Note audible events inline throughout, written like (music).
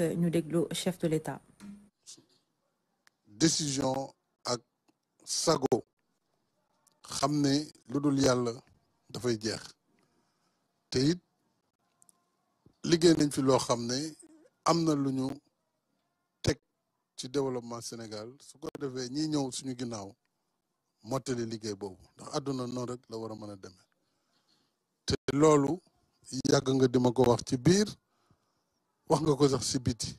ñu décision ak sago xam ne lu dul yàlla dafay jeex te it liggéey nañ fi loo xam ne am na lu ñu teg ci développement Sénégal su ko defee ñiy ñëw suñu ginnaaw mottali liggéey boobu ndax àdduna noonu rek la war a mën a demee te loolu yàgg nga di ma ko wax ci biir wax nga ko sax si biti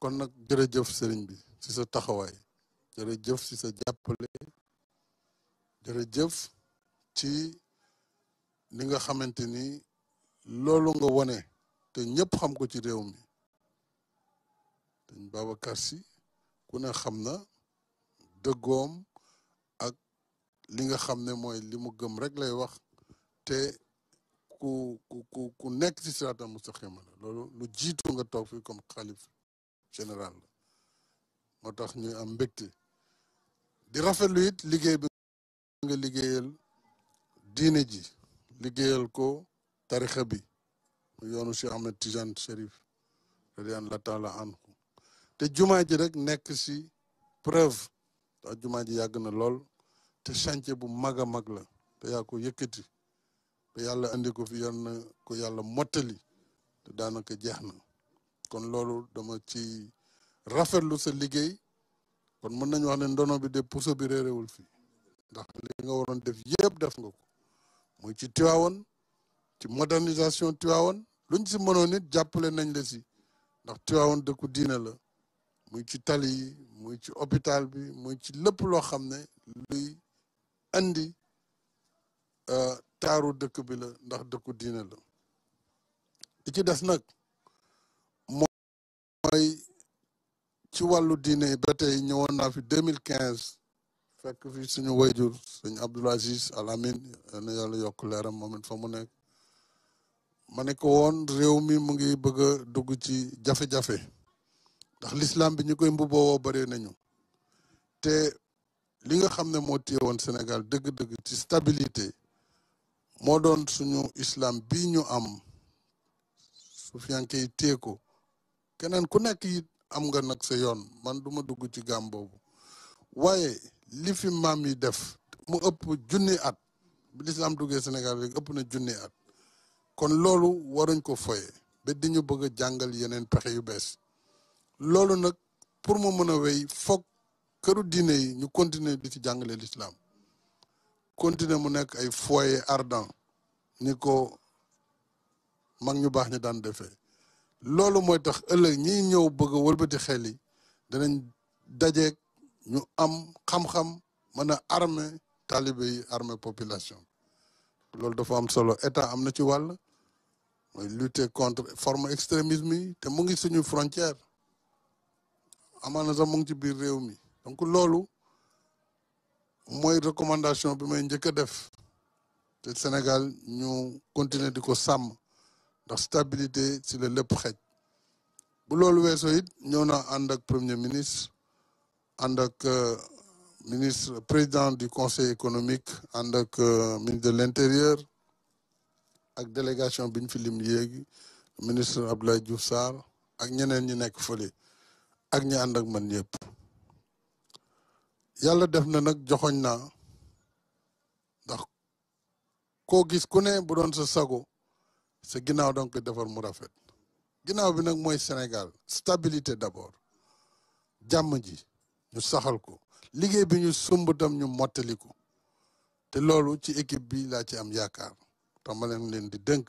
kon nag jërëjëf sëriñ bi si sa taxawaay jërëjëf si sa jàppale jërëjëf ci ni nga xamante ni loolu nga wone te ñëpp xam ko ci réew mi dañ Babacar Sy ku ne xam na dëggoom ak li nga xam ne mooy li mu gëm rek lay wax te ku ku ku nekk ci siraatal mustaqima la loolu lu jiitu nga toog fii comme xalif général la moo tax ñuy am mbégte di rafetlu it liggéey bi nga liggéeyal diine ji liggéeyal ko tarixa bi mu yoonu Cheikh Ahmed Tijane Cherif radiyallahu taala anhu te jumaa ji rek nekk ci preuve ndax jumaa ji yàgg na lool te chantier bu mag a mag la te yaa ko yëkkati ba yàlla andi ko fi yal na ko yàlla mottali te daanaka jeex na kon loolu dama ci rafetlu sa liggéey kon mën nañ wax ne ndono bi de puso bi réeréwul fii ndax li nga waroon def yëpp def nga ko muy ci Tiwaawan ci modernisation Tiwaawan luñ si mënoon it jàppale nañ la si ndax Tiwaawan dëkku diine la muy ci tali yi muy ci hôpital bi muy ci lépp loo xam ne luy andi euh, taaru dëkk bi la ndax dëkku diine la li ci des nag mooy ci wàllu diine ba tey ñëwoon naa fi 2015 fekk fi suñu wayjur sëñ Abdoul Aziz Al Amin na yàlla yokk leeram moom it fa mu nekk ma ne ko woon réew mi mu ngi bëgg a dugg ci jafe-jafe ndax l'islam bi ñu koy mbubboo bëree nañu te li nga xam ne moo téye woon Sénégal dëgg-dëgg ci stabilité moo doon suñu islam bi ñu am sufiyanke yi téye ko keneen ku nekk it am nga nag sa yoon man duma dugg ci gàm waaye li fi maam yi def mu ëpp junni at bi lislaam duggee Sénégal rek ëpp na junni at kon loolu waruñ ko foye ba di ñu bëgg a jàngal yeneen pexe yu bees loolu nag pour mu mën a wéy foog këru diine yi ñu continuer bi ci jàngale lislaam continuer mu nekk ay foyer ardent ni ko mag ñu baax ñu daan defee loolu mooy tax ëllëg ñi ñëw bëgg a wëlbati xel yi danañ dajeeg ñu am xam-xam mën a armé talibé yi armé population loolu dafa am solo état am na ci wàll mooy lutter contre forme extrémisme yi te mu ngi suñu frontière amaana sax mu ngi ci biir réew mi donc loolu mooy recommandation bi may njëkk a def te Sénégal ñu continuer di ko sàmm ndax stabilité ci la lépp xej bu loolu weesoo it ñëw naa ànd ak premier ministre ànd ak euh, ministre président du conseil économique ànd ak euh, ministre de l'intérieur ak délégation bi ñu fi lim léegi ministre Abdoulaye Diouf Sarr ak ñeneen ñi nekk fële ak ñi ànd ak man yëpp yàlla def na nag joxoñ naa ndax koo gis ku ne bu doon sa sago sa ginnaaw donc defar mu rafet ginnaaw bi nag mooy Sénégal stabilité d'abord jàmm ji ñu saxal ko liggéey bi ñu sumb ñu mottali ko te loolu ci équipe bi laa ci am yaakaar tama leen leen di dënk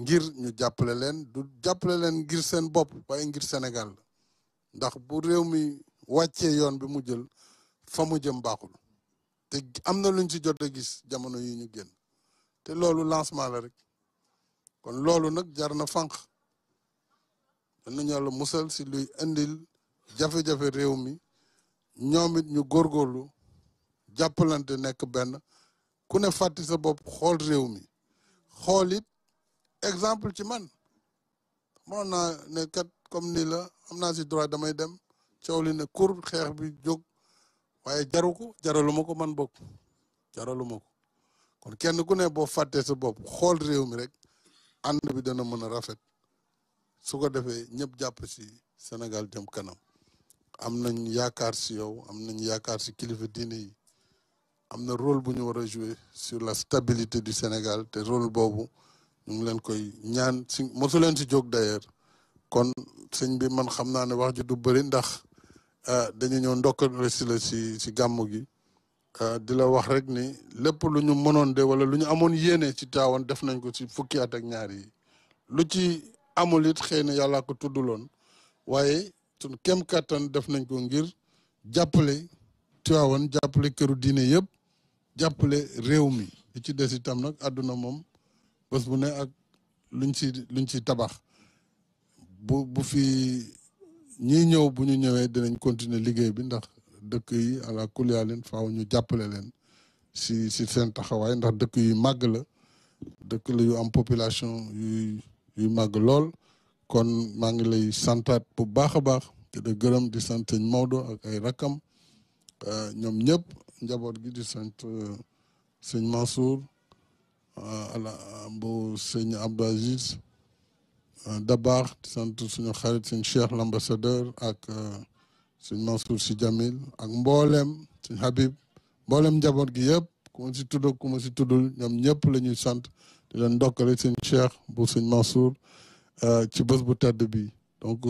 ngir ñu jàppale leen du jàppale leen ngir seen bopp waaye ngir Sénégal ndax bu réew mi wàccee yoon bi mu jël fa mu jëm baaxul te am na luñ ci jot a gis jamono yi ñu génn te loolu lancement la rek kon loolu nag jar na fànq dan nañu yàlla musal si luy indil jafe-jafe réew mi ñoom it ñu góorgóorlu jàppalante nekk benn ku ne fàtti sa bopp xool réew mi xool it exemple ci man mënoon na ne kat comme nii la am naa si droit damay dem coow li ne kur xeex bi jóg waaye jaru ko jaralu ko man bokk jaralu ko kon kenn ku ne boo fàttee sa bopp xool réew mi rek ànd bi dana mën a rafet su ko defee ñëpp jàpp si Sénégal jëm kanam am nañ yaakaar si yow am nañ yaakaar si kilifa diine yi am na rôle bu ñu war a jouer sur la stabilité du Sénégal te rôle boobu ñu leen koy ñaan si mosu leen si jóg d'ailleurs kon sëñ bi man xam naa ne wax ji du bëri ndax Euh, dañu ñëw ndokkal si si si gàmmu gi euh, di la wax rek ni lépp lu ñu mënoon de wala lu ñu amoon yéene ci Tiwaawan def nañ ko ci fukki at ak ñaar yi lu ci amul it xëy na yàllaa ko tudduloon waaye suñ kem kàttan def nañ ko ngir jàppale Tiwaawan jàppale këru diine yëpp jàppale réew mi li ci des itam nag àdduna moom bés bu ne ak luñ ci luñ ci tabax bu fi ñii ñëw bu ñu ñëwee dinañ continuer liggéey bi ndax dëkk yi àla leen faaw ñu jàppale leen si si seen taxawaay ndax dëkk yu màgg la dëkk la yu am population yuy yuy màgg lool kon maa ngi lay santaat bu baax a baax te da gërëm di sant sëñ Maodo ak ay rakkam euh, ñoom ñëpp njaboot gi di sant euh, sëñ Mansour euh, ala bu sëñ Abdou Aziz Euh, Dabaax baax sant suñu xarit suñu Cheikh l'ambassadeur ak euh, suñu Mansour si Jamil ak mboolem suñu Habib mboolem njaboot gi yëpp ku ma si tudd ku si tuddul ñoom ñëpp la ñuy sant di leen ndokkale suñu Cheikh bu suñu Mansour euh, ci bés bu tedd bi donc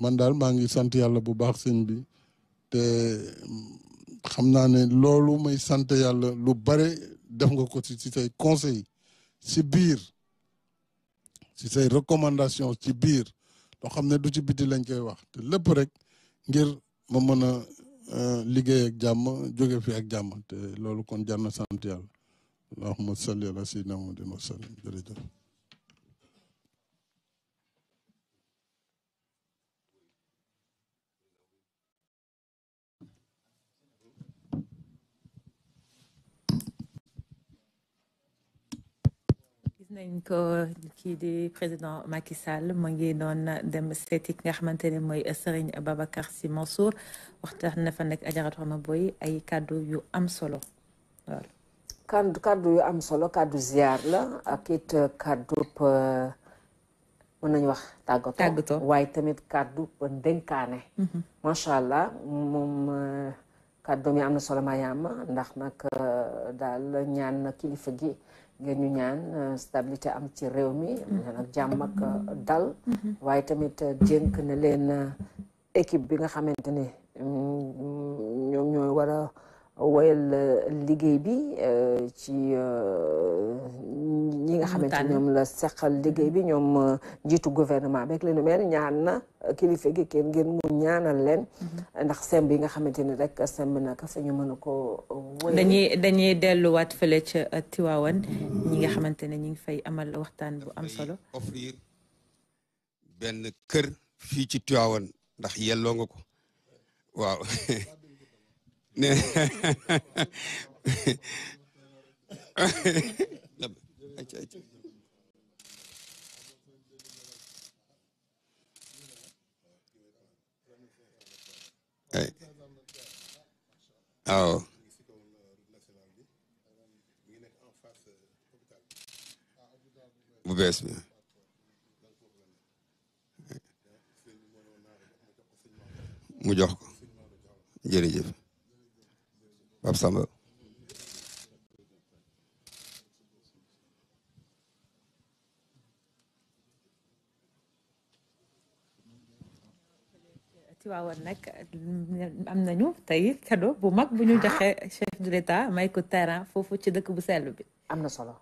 man daal maa ngi sant yàlla bu baax sëñ bi te mm, xam naa ne loolu may sant yàlla lu bare def nga ko ci ci say conseil si biir si say recommandation ci biir loo xam ne du ci biti lañ koy wax te lépp rek ngir ma mën a euh, liggéey ak jàmm jóge fi ak jàmm te loolu kon jar na sant yàlla allahumma salli ala sayyidina muhammadin nañ ko kii di président Macky Sall mu ngi doon dem seeti ki nga xamante ne mooy Serigne Babacar Sy Mansour waxtaan na fa nag Adjaratou Rahma boy ay kàddu yu am solo waaw. kàddu kàddu yu am solo kàddu ziar la ak it kàddu euh, mën nañu wax tàggatoo tàggatoo waaye tamit kàddu ndénkaane. Mhm. macha allah moom euh, kàddu mi am na solo ma ndax nag euh, ñaan kilifa gi. ngeen ñu ñaan euh, stabilité am ci réew mi ñaan ak euh, dal waaye tamit euh, jénk na leen équipe bi nga xamante ne mm, ñoom ñooy war a woyal liggéey bi ci ñi nga xamante ñoom la seqal liggéey bi ñoom njiitu gouvernement beeg li nu mel ñaan na kilifa gi kenn ngeen mu ñaanal leen ndax semb yi nga xamante ni rek semb naka fa ñu mën a ko wéy dañuy dañuy delluwaat fële ca Tiwaawan ñi nga xamante ne ñi ngi fay amal waxtaan bu am solo kër fii ci ndax yelloo nga waaw (laughs) bu oh. bees bi mu jox ko jërëjëf Pape Samba Tiwaawan nag am nañu tey cadeau bu mag bu ñu ah. joxe chef de l'État may ko terrain foofu ci dëkk bu sell bi am na solo